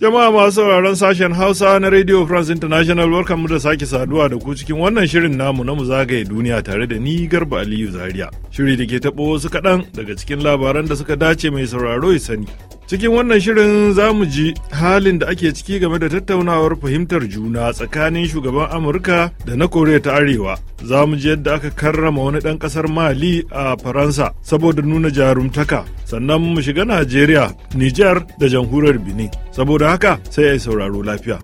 Jama'a masu sauraron sashen Hausa na Radio France International welcome da sake saduwa da ku cikin wannan shirin namu na mu zagaye duniya tare da ni Garba Aliyu Zaria. Shiri da ke taɓo wasu kaɗan daga cikin labaran da suka dace mai sauraro ya sani. Cikin wannan shirin za mu ji halin da ake ciki game da tattaunawar fahimtar juna tsakanin shugaban Amurka da na Koriya ta Arewa. Za mu ji yadda aka karrama wani ɗan ƙasar Mali a Faransa saboda nuna jarumtaka. Sannan mu shiga Najeriya, Nijar da jamhuriyar Benin. Saboda haka sai a sauraro lafiya.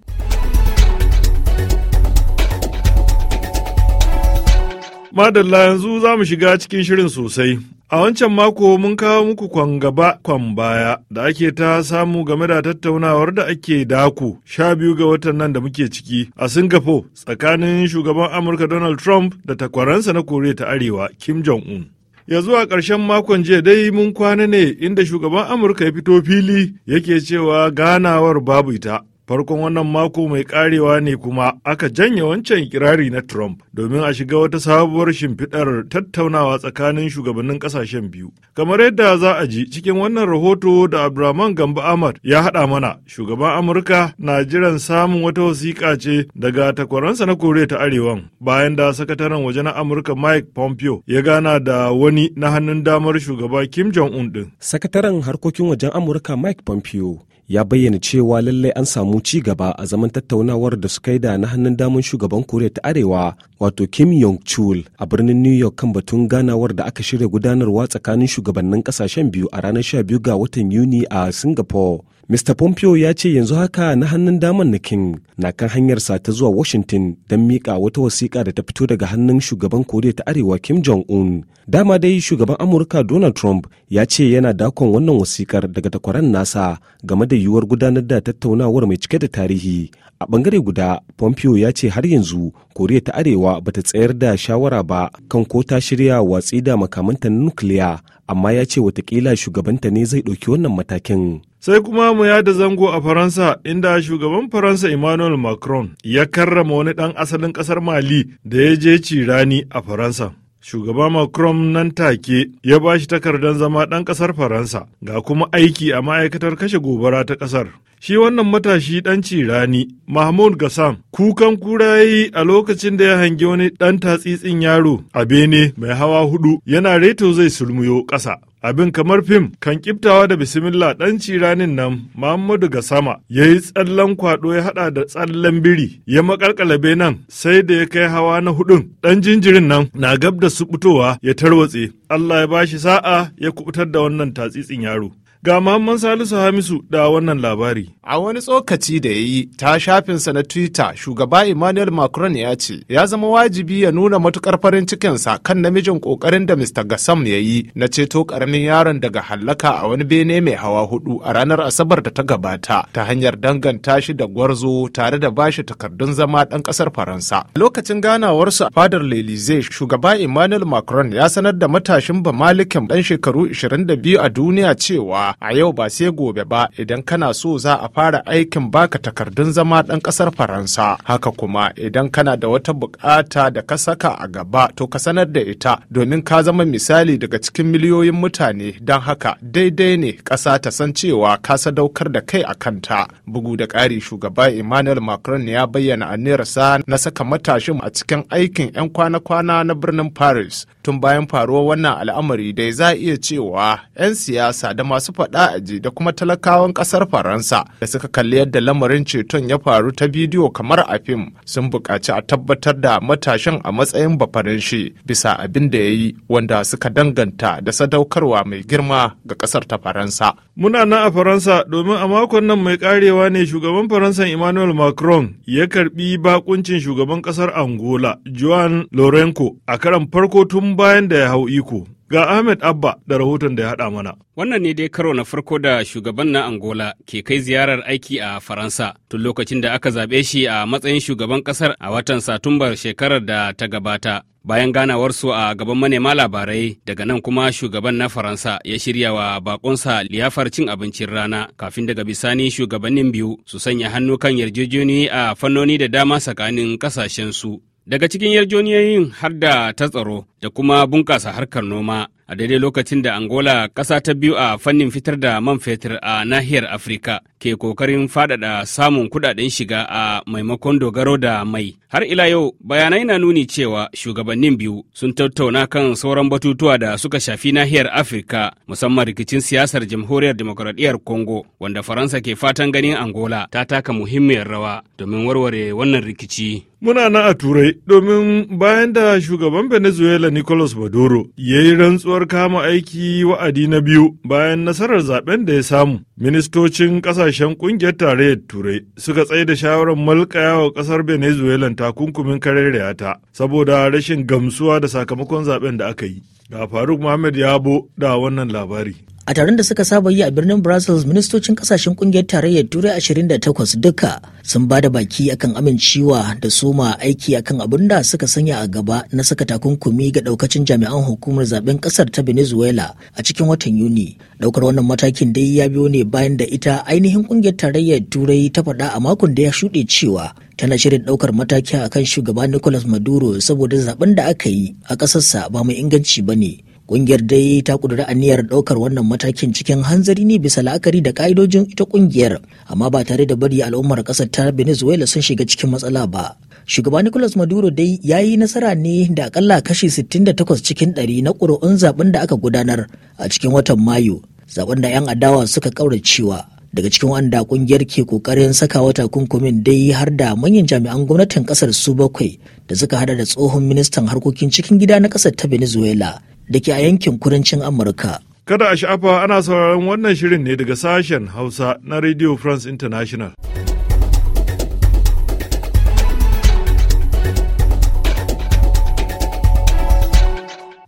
Madalla yanzu za mu shiga cikin shirin sosai. A wancan mako mun kawo muku kwan gaba kwan baya da ake ta samu game da tattaunawar da ake daku sha biyu ga watan nan da muke ciki a Singapore tsakanin shugaban Amurka Donald Trump da takwaransa na Koriya ta Arewa Kim Jong-un. Ya zuwa ƙarshen makon jiya dai mun kwana ne inda shugaban Amurka ya fito fili yake cewa ganawar babu ita farkon wannan mako mai karewa ne kuma aka janye wancan kirari na Trump domin a shiga wata sabuwar shimfiɗar tattaunawa tsakanin shugabannin ƙasashen biyu. Kamar yadda za a ji cikin wannan rahoto da Abdulrahman Gambo Ahmad ya haɗa mana, shugaban Amurka na jiran samun wata wasiƙa ce daga takwaransa na Koriya ta Arewan bayan da sakataren waje na Amurka Mike Pompeo ya gana da wani na hannun damar shugaba Kim Jong-un ɗin. Sakataren harkokin wajen Amurka Mike Pompeo ya bayyana cewa lallai an samu ci gaba a zaman tattaunawar da suka yi da na hannun damun shugaban koriya ta arewa wato kim yong chul a birnin new york kan batun ganawar da aka shirya gudanarwa tsakanin shugabannin kasashen biyu a ranar 12 ga watan yuni a singapore Mr. Pompeo ya ce yanzu haka na hannun daman na King na kan hanyarsa ta zuwa Washington don miƙa wata wasiƙa da ta fito daga hannun shugaban Koriya ta Arewa Kim Jong-un. Dama dai shugaban Amurka Donald Trump ya ce yana dakon wannan wasiƙar daga takwaran nasa game da yiwuwar gudanar da tattaunawar mai cike da tarihi. A bangare guda, Pompeo ya ce har yanzu Koriya ta Arewa bata tsayar da shawara ba kan ko ta shirya watsi da makamanta na nukiliya amma ya ce watakila shugabanta ne zai ɗauki wannan matakin. Sai kuma mu yada zango a Faransa inda shugaban Faransa Emmanuel Macron ya karrama wani ɗan asalin ƙasar Mali da ya je cirani a Faransa. shugaba Macron nan take ya ba shi takardar zama ɗan ƙasar Faransa ga kuma aiki a ma'aikatar kashe gobara ta ƙasar. Shi wannan matashi ɗan cirani Mahmud Gassam kukan kura yi a lokacin da ya hangi wani ɗan tatsitsin yaro a bene mai hawa hudu yana reto zai sulmuyo ƙasa. abin kamar fim kan kiftawa da bisimillah ɗan ciranin nan Muhammadu ga sama ya yi tsallan kwado ya haɗa da tsallan biri ya makalkalabe nan sai da ya kai hawa na hudun ɗan jinjirin nan na gab da su fitowa ya tarwatse Allah ya bashi sa'a ya kubutar da wannan tatsitsin yaro. Ga Muhammad Salisu Hamisu da wannan labari. A wani tsokaci da ya yi ta shafinsa na Twitter, shugaba Emmanuel Macron ya ce, ya zama wajibi ya nuna matukar farin cikinsa kan namijin kokarin da Mr. Gassam ya yi na ceto karamin yaron daga hallaka a wani bene mai hawa hudu a ranar Asabar da ta gabata ta hanyar danganta shi da gwarzo tare da bashi takardun zama ɗan ƙasar Faransa. Lokacin ganawarsa fadar Lelize, shugaba Emmanuel Macron ya sanar da matashin Bamalikin dan shekaru 22 a duniya cewa a yau ba sai gobe ba idan kana so za a fara aikin baka takardun zama ɗan ƙasar Faransa. Haka kuma idan kana da wata buƙata da ka saka a gaba to ka sanar da ita domin ka zama misali daga cikin miliyoyin mutane don haka daidai ne ƙasa ta san cewa ka sadaukar da kai a kanta. Bugu da ƙari shugaba Emmanuel Macron ne ya bayyana aniyarsa na saka matashin a cikin aikin 'yan kwana-kwana na birnin Paris tun bayan faruwar wannan al'amari dai za a iya cewa 'yan siyasa da masu faɗa aji da kuma talakawan ƙasar faransa da suka kalli yadda lamarin ceton ya faru ta bidiyo kamar a fim sun buƙaci a tabbatar da matashin a matsayin bafarin shi bisa abin da ya yi wanda suka danganta da sadaukarwa mai girma ga ƙasar ta faransa muna nan a faransa domin a makon nan mai karewa ne shugaban faransa emmanuel macron ya karbi bakuncin shugaban ƙasar angola juan lorenco a karan farko tun bayan da ya hau iko. Ga Ahmed Abba da rahoton da ya haɗa mana. Wannan ne dai karo na farko da shugaban na Angola ke kai ziyarar aiki a Faransa tun lokacin da aka zaɓe shi a matsayin shugaban ƙasar a watan Satumbar shekarar da ta gabata. Bayan ganawar su a gaban manema labarai daga nan kuma shugaban na Faransa ya shirya wa bakonsa liyafar cin abincin rana kafin daga bisani shugabannin biyu su sanya hannu kan yarjejeniyoyi a fannoni da dama tsakanin kasashen su. Daga cikin yarjoniyoyin har da ta tsaro da kuma bunƙasa harkar noma a daidai lokacin da Angola ƙasa ta biyu a fannin fitar da man fetur a nahiyar Afirka ke ƙoƙarin faɗaɗa samun kuɗaɗen shiga a maimakon dogaro da mai. Har ila yau bayanai na nuni cewa shugabannin biyu sun tattauna kan sauran batutuwa da suka shafi nahiyar Afirka musamman rikicin siyasar jamhuriyar demokuraɗiyyar Congo wanda Faransa ke fatan ganin Angola ta taka muhimmiyar rawa domin warware wannan rikici. Muna nan a Turai domin bayan da shugaban Venezuela Nicolas Maduro ya yi rantsuwar kama aiki wa'adi na biyu bayan nasarar zaben da ya samu. Ministocin kasashen kungiyar tarayyar Turai suka tsaye da shawarar wa kasar Venezuela takunkumin karerayata saboda rashin gamsuwa da sakamakon zaben da aka yi. Ga Faruk Muhammad Yabo da wannan labari. a taron da suka saba yi a birnin brussels ministocin kasashen kungiyar tarayyar turai 28 duka sun ba da baki akan amincewa da suma aiki akan abin da suka sanya a gaba na saka takunkumi ga daukacin jami'an hukumar zaben kasar ta venezuela a cikin watan yuni daukar wannan matakin dai ya biyo ne bayan da ita ainihin kungiyar tarayyar turai ta faɗa a makon da ya shuɗe cewa tana shirin ɗaukar mataki akan shugaba nicolas maduro saboda zaben da aka yi a ƙasarsa ba mai inganci ba ne Ƙungiyar dai ta ƙudiri aniyar ɗaukar wannan matakin cikin hanzari ne bisa la'akari da ƙa'idojin ita kungiyar amma ba tare da bari al'ummar ƙasar ta Venezuela sun shiga cikin matsala ba. Shugaba Nicolas Maduro dai ya yi nasara ne da akalla kashi 68 cikin 100 na ƙuri'un zaben da aka gudanar a cikin watan Mayu, zaben da 'yan adawa suka ƙauracewa. Daga cikin wanda kungiyar ke kokarin saka wata kunkumin dai har da manyan jami'an gwamnatin kasar su bakwai da suka hada da tsohon ministan harkokin cikin gida na kasar ta Venezuela da ke a yankin kudancin Amurka. Kada a sha'afa ana sauraron wannan shirin ne daga sashen Hausa na Radio France International.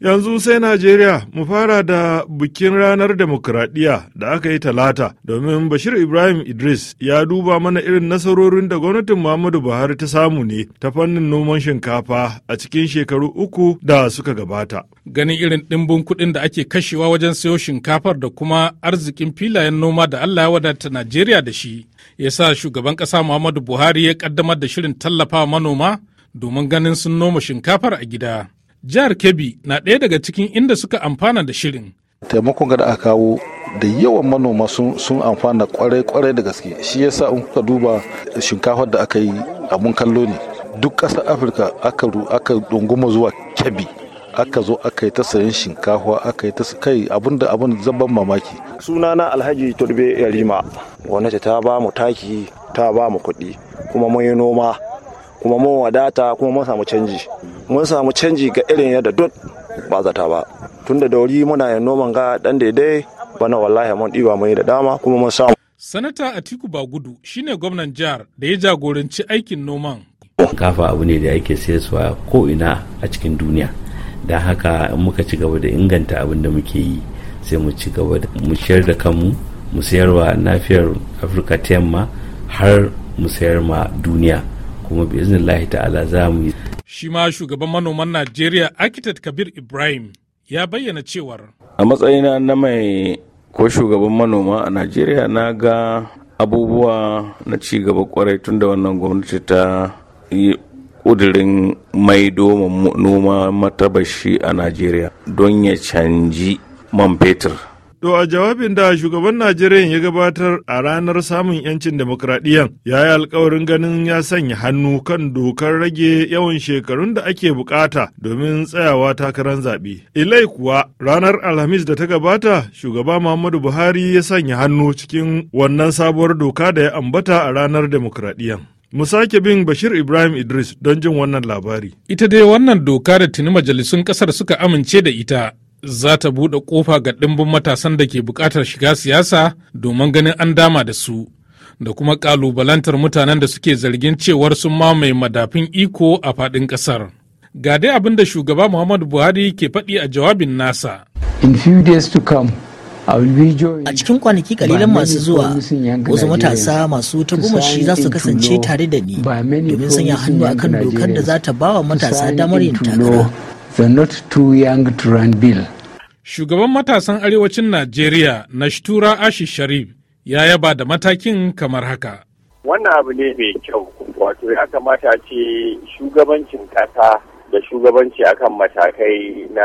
Yanzu sai Najeriya mu fara da bikin ranar demokuraɗiyya da aka yi talata domin Bashir Ibrahim Idris ya duba mana irin nasarorin da gwamnatin Muhammadu Buhari ta samu ne ta fannin noman shinkafa a cikin shekaru uku da suka gabata. Ganin irin ɗimbin kuɗin da ake kashewa wajen sayo shinkafar da kuma arzikin filayen noma da Allah ya wadata Najeriya da shi, ya sa shugaban ƙasa Muhammadu Buhari ya ƙaddamar da shirin tallafa manoma domin ganin sun noma shinkafar a gida. Jihar Kebbi na ɗaya daga cikin inda suka amfana da shirin. Taimakon da a kawo da yawan manoma sun amfana kwarai-kwarai da gaske shi yasa in kuka duba shinkafar da aka yi abun kallo ne duk ƙasar afirka aka dunguma zuwa kebbi aka zo aka yi ta sayan shinkafa aka yi ta kai abin da abin zaban mamaki sunana alhaji turbe yarima wani ta ba mu taki ta ba mu kuɗi kuma mun yi noma kuma mun wadata kuma mun samu canji mun samu canji ga irin yadda duk ba zata ba tunda da wuri muna yin noman ga dan daidai bana wallahi mun ɗiba mai da dama kuma mun samu sanata atiku bagudu shine gwamnan jihar da ya jagoranci aikin noman kafa abu ne da yake sayarwa ko ina a cikin duniya don haka in muka ci gaba da inganta abin da muke yi sai mu ci gaba da mu shayar da kanmu mu sayarwa nafiyar afirka ta yamma har mu sayar ma duniya kuma bi lahi ta'ala za mu yi. Shi ma shugaban manoman Najeriya Architect Kabir Ibrahim ya bayyana cewar. A matsayina na mai ko shugaban manoma a Najeriya na ga abubuwa na ci gaba kwarai tun da wannan gwamnati ta yi kudirin maido noma matabashi a Najeriya don ya canji man fetur. To a jawabin da shugaban Najeriya ya gabatar a ranar samun 'yancin demokradiyyan ya yi alkawarin ganin ya sanya hannu kan dokar rage yawan shekarun da ake bukata domin tsayawa takarar zaɓe. Ilai kuwa ranar Alhamis da ta gabata shugaba Muhammadu Buhari ya sanya hannu cikin wannan sabuwar doka da ya ambata a ranar demokradiyyan. Mu sake bin Bashir Ibrahim Idris don jin wannan labari. Ita dai wannan doka da tuni majalisun ƙasar suka amince da ita za ta buɗe ƙofa ga ɗimbin matasan da ke buƙatar shiga siyasa domin ganin an dama da su da kuma ƙalubalantar mutanen da suke zargin cewar sun mamaye madafin iko a faɗin ƙasar. Ga dai abin da shugaba Muhammadu Buhari ke faɗi a jawabin nasa. In days to come, A cikin kwanaki kalilan masu zuwa wasu matasa masu shi za su kasance tare da ni domin sanya hannu akan dokar da za ta ba matasa damar yin takara. the not too young to run bill. Shugaban matasan arewacin Najeriya na Nashtura Ashi Sharif ya yaba da matakin kamar haka. Wannan abu ne mai kyau wato ya kamata ce shugabancin kasa da shugabanci akan matakai na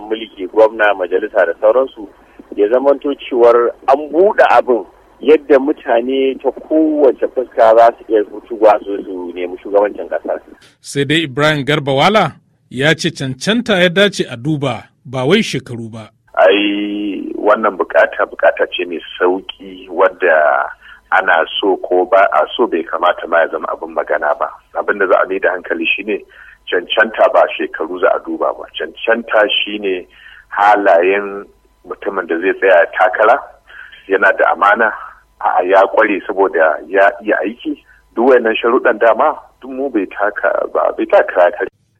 mulki gwamna majalisa da sauransu ya zamanto cewar an buɗe abin yadda mutane ta kowace fuska za su iya fitowa su nemi shugabancin kasar. Sai dai Ibrahim Garbawala ya ce cancanta ya dace a duba ba wai shekaru ba. Ai wannan bukata bukata ce mai sauki wadda ana so ko ba a so bai kamata ma ya zama abin magana ba. Abin da za a mai da hankali shine cancanta ba shekaru za a duba ba. Cancanta shine halayen mutumin da zai tsaya takara yana da amana a ya kware saboda ya iya aiki duk wayannan sharuɗan dama duk mu bai taka ba bai taka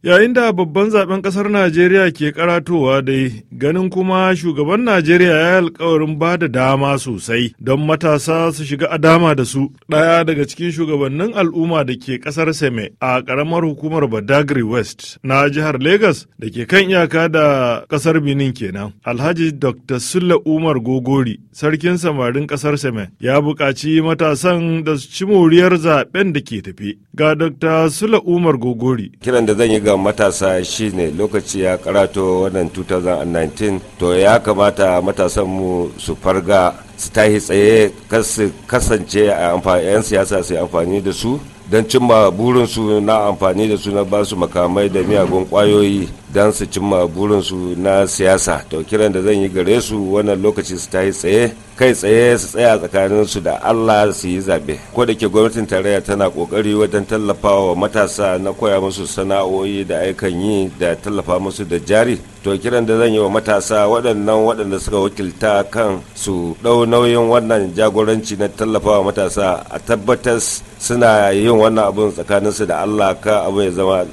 Yayin da babban zaben kasar Najeriya ke karatowa dai, ganin kuma shugaban Najeriya ya alkawarin ba da dama sosai don matasa su shiga a dama da su. Ɗaya daga cikin shugabannin al'umma da ke kasar Seme a ƙaramar hukumar Badagry West na jihar Legas da ke kan iyaka da kasar Benin kenan. Alhaji Dr. Sulla Umar Gogori, sarkin samarin kasar Seme, ya buƙaci matasan da su ci moriyar zaben da ke tafi. Ga Dr. Sulla Umar Gogori. Kiran da zan yi ga matasa shine lokaci ya karato wannan 2019 to ya kamata matasan mu su farga su tahi tsaye kasance a 'yan siyasa su amfani da su don cimma burinsu na amfani da suna na su makamai da miyagun kwayoyi don su cimma burinsu na siyasa to kiran da zan yi gare su wannan lokaci su ta yi tsaye kai tsaye su tsaya tsakanin su da allah su yi zabe ko da ke gwamnatin tarayya tana kokari wajen tallafawa wa matasa na koya musu sana'o'i da aikan yi da tallafa musu da jari to kiran da zan yi wa matasa waɗannan waɗanda suka wakilta kan su ɗau nauyin wannan jagoranci na tallafawa matasa a tabbatar suna yin wannan abun tsakaninsu da allah ka abu ya zama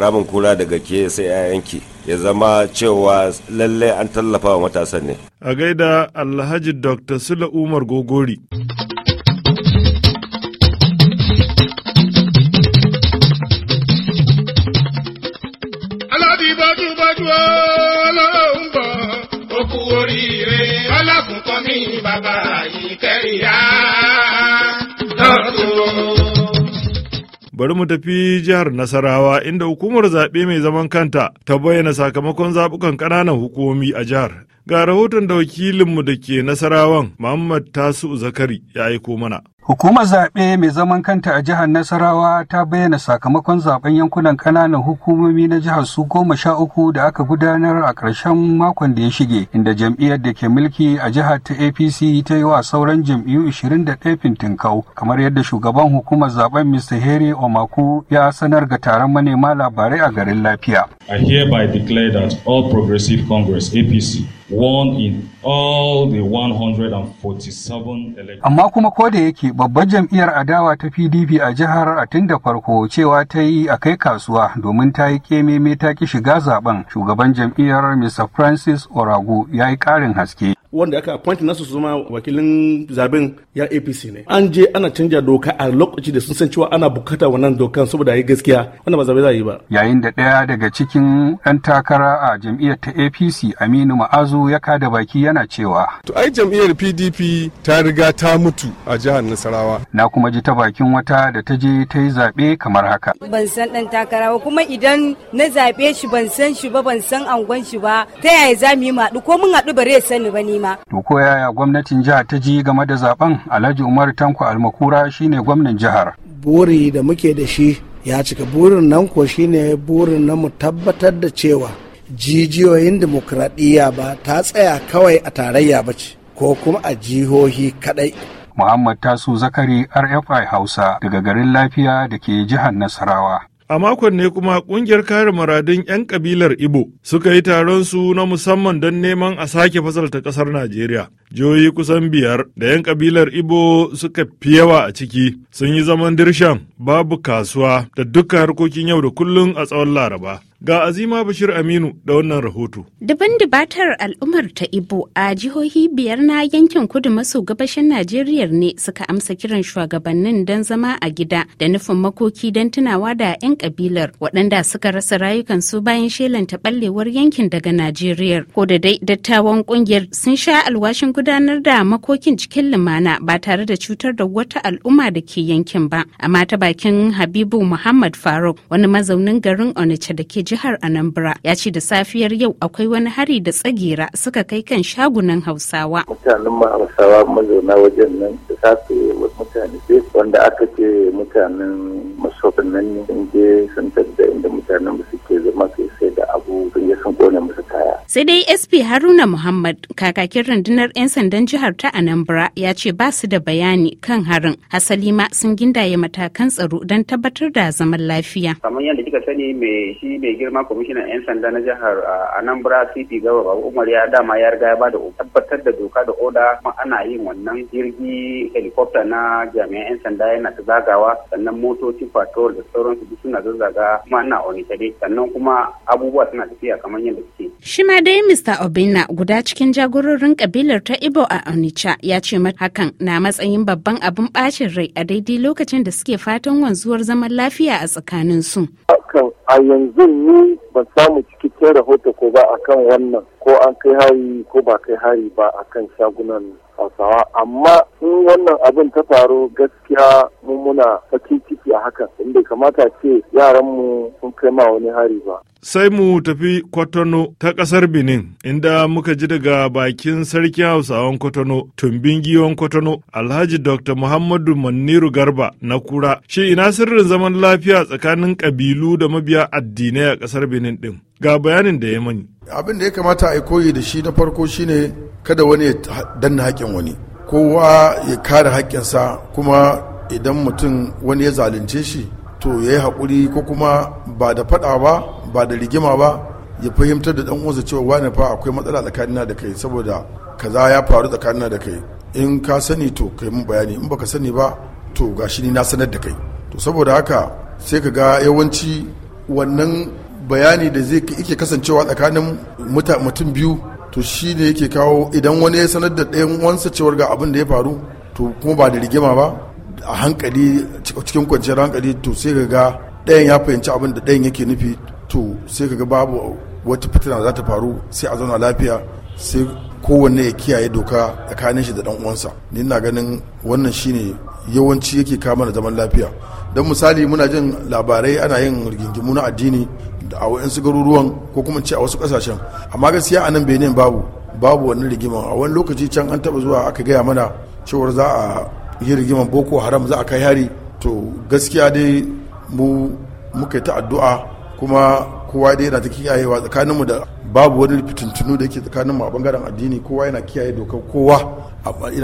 ramin kura daga ke sai 'ya'yanki ya zama cewa lalle an tallafa wa matasan ne. A gaida Alhaji Dr. Sula Umar Gogori. Alhaji bari mu tafi jihar Nasarawa inda hukumar zaɓe mai zaman kanta ta bayyana sakamakon zaɓukan ƙananan hukumomi a jihar. Ga rahoton da wakilinmu da ke Nasarawan Muhammad Tasu Zakari ya aiko mana. Hukumar zaɓe mai zaman kanta a jihar Nasarawa ta bayyana sakamakon zaɓen yankunan ƙananan hukumomi na jihar su goma sha uku da aka gudanar a ƙarshen makon da ya shige, inda jam'iyyar da ke mulki a jihar ta APC ta yi wa sauran jam'iyyu 21 fintinkau, kamar yadda shugaban hukumar zaɓen Mr. Heri Omaku ya sanar ga taron manema labarai a garin lafiya. I hereby declare that all Progressive Congress APC Amma kuma ko da yake babbar jam'iyyar adawa ta PDP a jihar a tun da farko cewa ta yi a kai kasuwa domin ta yi kememe ta ki shiga zaben shugaban jam'iyyar Mr. Francis Orago ya yi ƙarin haske. wanda aka appoint nasu su zama wakilin zaben ya apc ne an je ana canja doka a lokaci da sun san cewa ana bukata wannan dokan saboda yi gaskiya wannan ba zabe za yi ba yayin da ɗaya daga cikin ɗan takara a jam'iyyar ta apc aminu ma'azu ya kada baki yana cewa to ai jam'iyyar pdp ta riga ta mutu a jihar nasarawa na kuma ji ta bakin wata da ta je ta yi zaɓe kamar haka ban san ɗan takara ba kuma idan na zaɓe shi ban san shi ba ban san angon shi ba ta yaya za mu yi maɗu ko mun haɗu bare sani ba ni ma. To ko yaya gwamnatin jihar ta ji game da zaben Alhaji Umar Tanko Almakura shine gwamnan jihar. Buri da muke da shi ya cika burin nan ko shine burin na mu tabbatar da cewa jijiyoyin dimokuraɗiyya ba ta tsaya kawai a tarayya ba ce ko kuma a jihohi kaɗai. Muhammad Tasu Zakari RFI Hausa daga garin lafiya da ke jihar Nasarawa. A makon ne kuma kungiyar kare muradun 'yan kabilar Ibo suka yi taron su na musamman don neman a sake fasalta ƙasar Najeriya. Jihohi kusan biyar da 'yan kabilar Ibo suka fi yawa a ciki sun yi zaman dirshan babu kasuwa da dukkan harkokin yau da kullum a tsawon Laraba. Ga Azima Bashir Aminu da wannan rahoto. Daban dubatar al'ummar ta Ibo a jihohi biyar na yankin kudu maso gabashin Najeriya ne suka amsa kiran shugabannin don zama a gida da nufin makoki don tunawa da 'yan kabilar waɗanda suka rasa rayukansu bayan ta ɓallewar yankin daga Najeriya. Ko da dai dattawan ƙungiyar sun sha alwashin gudanar da makokin cikin lumana ba tare da cutar da wata al'umma da ke yankin ba. Amma ta bakin Habibu Muhammad Faruk wani mazaunin garin Onitsha da ke jihar Anambra ya ce da safiyar yau akwai wani hari da tsagera suka kai kan shagunan Hausawa. Mutanen ma Hausawa mazauna wajen nan da safe mutane wanda aka ce mutanen masofin nan ne sun je sun inda mutanen sai dai sp haruna muhammad kakakin rundunar 'yan sandan jihar ta anambra ya ce ba su da bayani kan harin hasali ma sun gindaye matakan tsaro don tabbatar da zaman lafiya kamar yadda kika sani mai shi mai girma kwamishinan 'yan sanda na jihar anambra cp gaba babu umar ya dama ya riga ya ba da tabbatar da doka da oda kuma ana yin wannan jirgi helikopta na jami'an 'yan sanda yana ta zagawa sannan motoci patrol da sauransu duk suna zazzaga kuma ana onitare sannan kuma abubuwa suna tafiya kamar yadda kike. Shi ma dai Mr. obina guda cikin jagororin kabilar ta Ibo a Onitsha ya ce mata hakan na matsayin babban abin bacin rai a daidai lokacin da suke fatan wanzuwar zaman lafiya a tsakanin su. Hakan a yanzu ni ban samu cikakken rahoto ko ba akan wannan ko an kai hari ko ba kai hari ba akan shagunan hausawa amma in wannan abin ta faru gaskiya mun muna fakin ciki a hakan inda kamata ce yaranmu sun kai ma wani hari ba sai mu tafi kwatano ta ƙasar benin inda muka ji daga bakin sarkin hausawan kwatano tumbin giwon kwatano alhaji dr muhammadu maniru garba na kura shi ina sirrin zaman lafiya tsakanin kabilu da mabiya addinai a ƙasar benin ɗin ga bayanin da ya mani abin da ya kamata a koyi da shi na farko shine kada wani ya danna haƙƙin wani kowa ya kare haƙƙinsa kuma idan mutum wani ya zalunce shi to ya yi haƙuri ko kuma ba da faɗa ba ba da rigima ba ya fahimtar da ɗan uwansa cewa wani fa akwai matsala tsakanina da kai saboda kaza ya faru tsakanina da kai in ka sani to kai mun bayani in baka sani ba to gashi ni na sanar da kai to saboda haka sai ka ga yawanci wannan bayani da zai yake kasancewa tsakanin mutum biyu to shi ne yake kawo idan wani ya sanar da ɗayan wansa cewar ga abin da ya faru to kuma ba da rigima ba a hankali cikin kwanciyar hankali to sai ka ga ɗayan ya fahimci abin da ɗayan yake nufi to sai ka ga babu wata fitina za ta faru sai a zauna lafiya sai kowanne ya kiyaye doka tsakanin shi da ɗan uwansa ni na ganin wannan shine yawanci yake kama da zaman lafiya don misali muna jin labarai ana yin rigingimu na addini da a waɗansu garuruwan ko kuma ce a wasu kasashen amma gaskiya a nan benin babu babu wani rigima a wani lokaci can an taba zuwa aka gaya mana cewar za a yi rigima boko haram za a kai hari to gaskiya dai mu muka yi ta addu'a kuma kowa dai yana ta kiyayewa tsakaninmu da babu wani fitintunu da yake mu a bangaren addini kowa yana kiyaye dokar kowa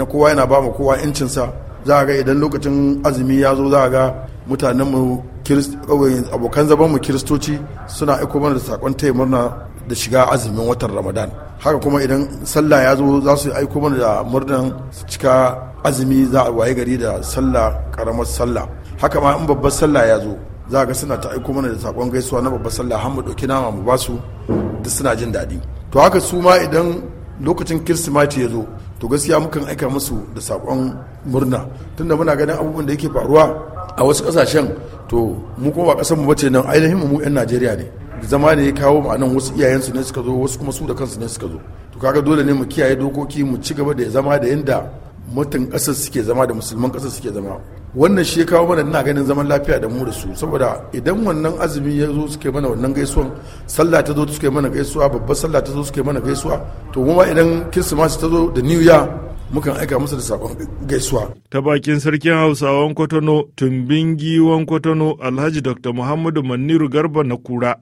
kowa yana ba kowa incinsa za a ga idan lokacin azumi ya zo za a ga mutanenmu abokan zamanmu kiristoci suna aiko mana da sakon taya murna da shiga azumin watan ramadan haka kuma idan sallah ya zo za su aiko mana da murnan su cika azumi za a waye gari da sallah karamar sallah haka ma in babbar sallah ya zo za ga suna ta aiko mana da sakon gaisuwa na babbar sallah har mu dauki nama mu basu da suna jin daɗi to haka su ma idan lokacin kirsimati ya zo to gaskiya mukan aika musu da sakon murna tunda muna ganin abubuwan da yake faruwa a wasu kasashen to mu kuma ba kasar mu bace nan ainihin mu yan Najeriya ne zama ne ya kawo mu nan wasu iyayensu ne suka zo wasu kuma su da kansu ne suka zo to kaga dole ne mu kiyaye dokoki mu ci gaba da zama da yanda mutan kasar suke zama da musulman kasar suke zama wannan shi ya kawo mana ina ganin zaman lafiya da mu da su saboda idan wannan azumi ya zo suke mana wannan gaisuwan sallah ta zo suke mana gaisuwa babbar sallah ta zo suke mana gaisuwa to kuma idan kirsimasi ta zo da new year mukan aika masa da sakon gaisuwa. Ta bakin sarkin Hausawan Kwatano, Tumbin Giwon Kwatano, Alhaji Dr. Muhammadu Maniru Garba na Kura.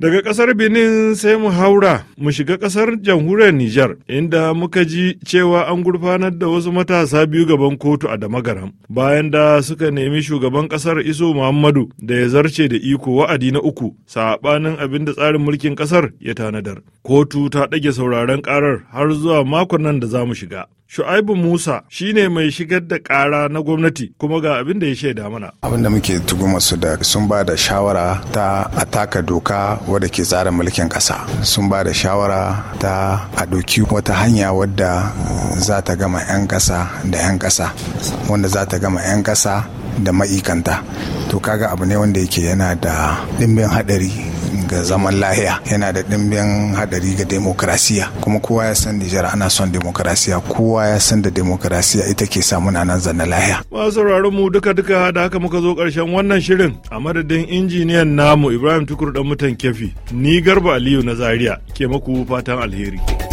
Daga ƙasar Benin sai mu haura mu shiga ƙasar jamhuriyar Nijar inda muka ji cewa an gurfanar da wasu matasa biyu gaban kotu a Damagaram bayan da suka nemi shugaban ƙasar Iso Muhammadu da ya zarce da iko wa'adi na uku sabanin abin da tsarin mulkin ƙasar ya tanadar. Kotu ta ɗage sauraron ƙarar har zuwa makon nan da za mu shiga. Shu'aibu Musa shi ne mai shigar da ƙara na gwamnati kuma ga abin da ya shaida mana. Abin da muke tuguma su da sun ba da shawara ta a taka doka wadda ke tsara mulkin ƙasa. Sun ba da shawara ta a doki wata hanya wadda za ta gama 'yan ƙasa da 'yan ƙasa wanda za ta gama 'yan ƙasa da ma'ikanta. To kaga abu ne wanda yake yana da ɗimbin haɗari ga zaman lahiya yana da ɗimbin hadari ga demokrasiya kuma kowa ya san Nijar ana son demokrasiya kowa ya san da demokrasiya ita ke samu na nan zanna lahiya. Masu sauraron mu duka duka da haka muka zo karshen wannan shirin a madadin injiniyan namu Ibrahim Tukur dan mutan kefi ni Garba Aliyu na Zaria ke maku fatan alheri.